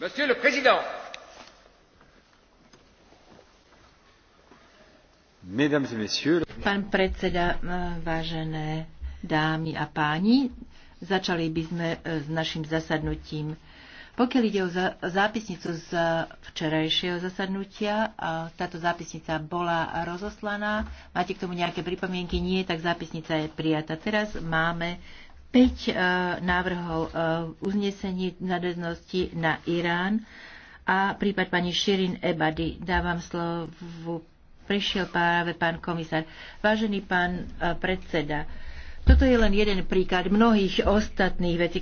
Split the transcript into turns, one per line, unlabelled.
Monsieur le Président,
Pán
predseda, eh, vážené dámy a páni, začali by sme eh, s našim zasadnutím. Pokiaľ ide o zápisnicu z včerajšieho zasadnutia, táto zápisnica bola rozoslaná. Máte k tomu nejaké pripomienky? Nie, tak zápisnica je prijata. Teraz máme 5 e, návrhov e, uznesení nadeznosti na Irán a prípad pani Širin Ebady. Dávam slovo. Prišiel práve pán komisár. Vážený pán e, predseda, toto je len jeden príklad mnohých ostatných vecí,